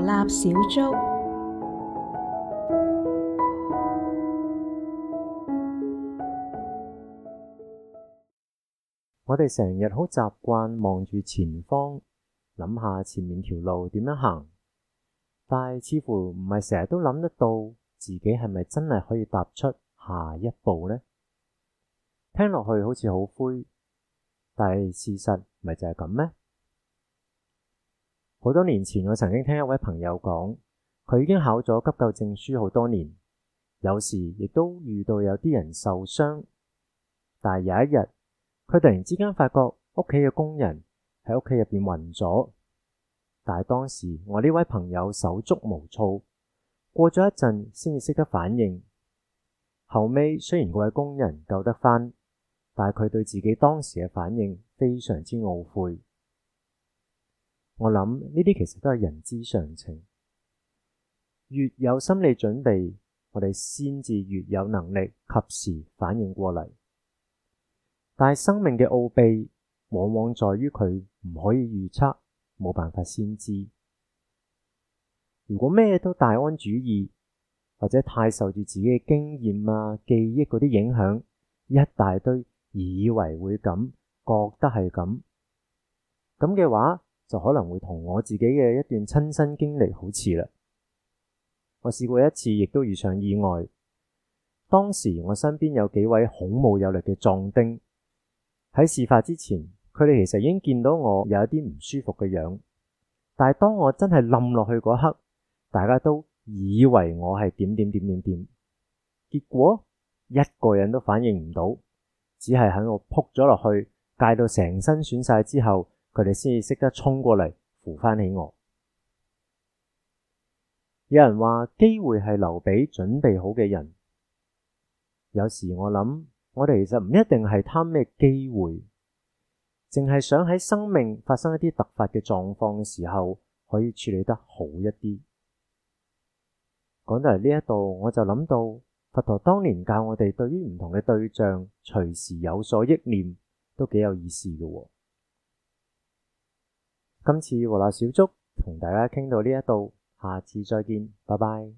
立小築，我哋成日好習慣望住前方，諗下前面條路點樣行，但係似乎唔係成日都諗得到自己係咪真係可以踏出下一步呢？聽落去好似好灰，但係事實咪就係咁咩？好多年前，我曾經聽一位朋友講，佢已經考咗急救證書好多年，有時亦都遇到有啲人受傷，但係有一日，佢突然之間發覺屋企嘅工人喺屋企入邊暈咗，但係當時我呢位朋友手足無措，過咗一陣先至識得反應，後尾雖然嗰位工人救得翻，但係佢對自己當時嘅反應非常之懊悔。我諗呢啲其實都係人之常情，越有心理準備，我哋先至越有能力及時反應過嚟。但係生命嘅奧秘往往在於佢唔可以預測，冇辦法先知。如果咩都大安主義，或者太受住自己嘅經驗啊、記憶嗰啲影響，一大堆以為會咁，覺得係咁，咁嘅話。就可能會同我自己嘅一段親身經歷好似啦。我試過一次，亦都遇上意外。當時我身邊有幾位孔武有力嘅壯丁。喺事發之前，佢哋其實已經見到我有一啲唔舒服嘅樣。但係當我真係冧落去嗰刻，大家都以為我係點點點點點，點。結果一個人都反應唔到，只係喺我撲咗落去，戒到成身損晒之後。佢哋先至識得衝過嚟扶翻起我。有人話機會係留俾準備好嘅人。有時我諗，我哋其實唔一定係貪咩機會，淨係想喺生命發生一啲突發嘅狀況嘅時候，可以處理得好一啲。講到嚟呢一度，我就諗到佛陀當年教我哋對於唔同嘅對象隨時有所憶念，都幾有意思嘅。今次和立小築同大家傾到呢一度，下次再見，拜拜。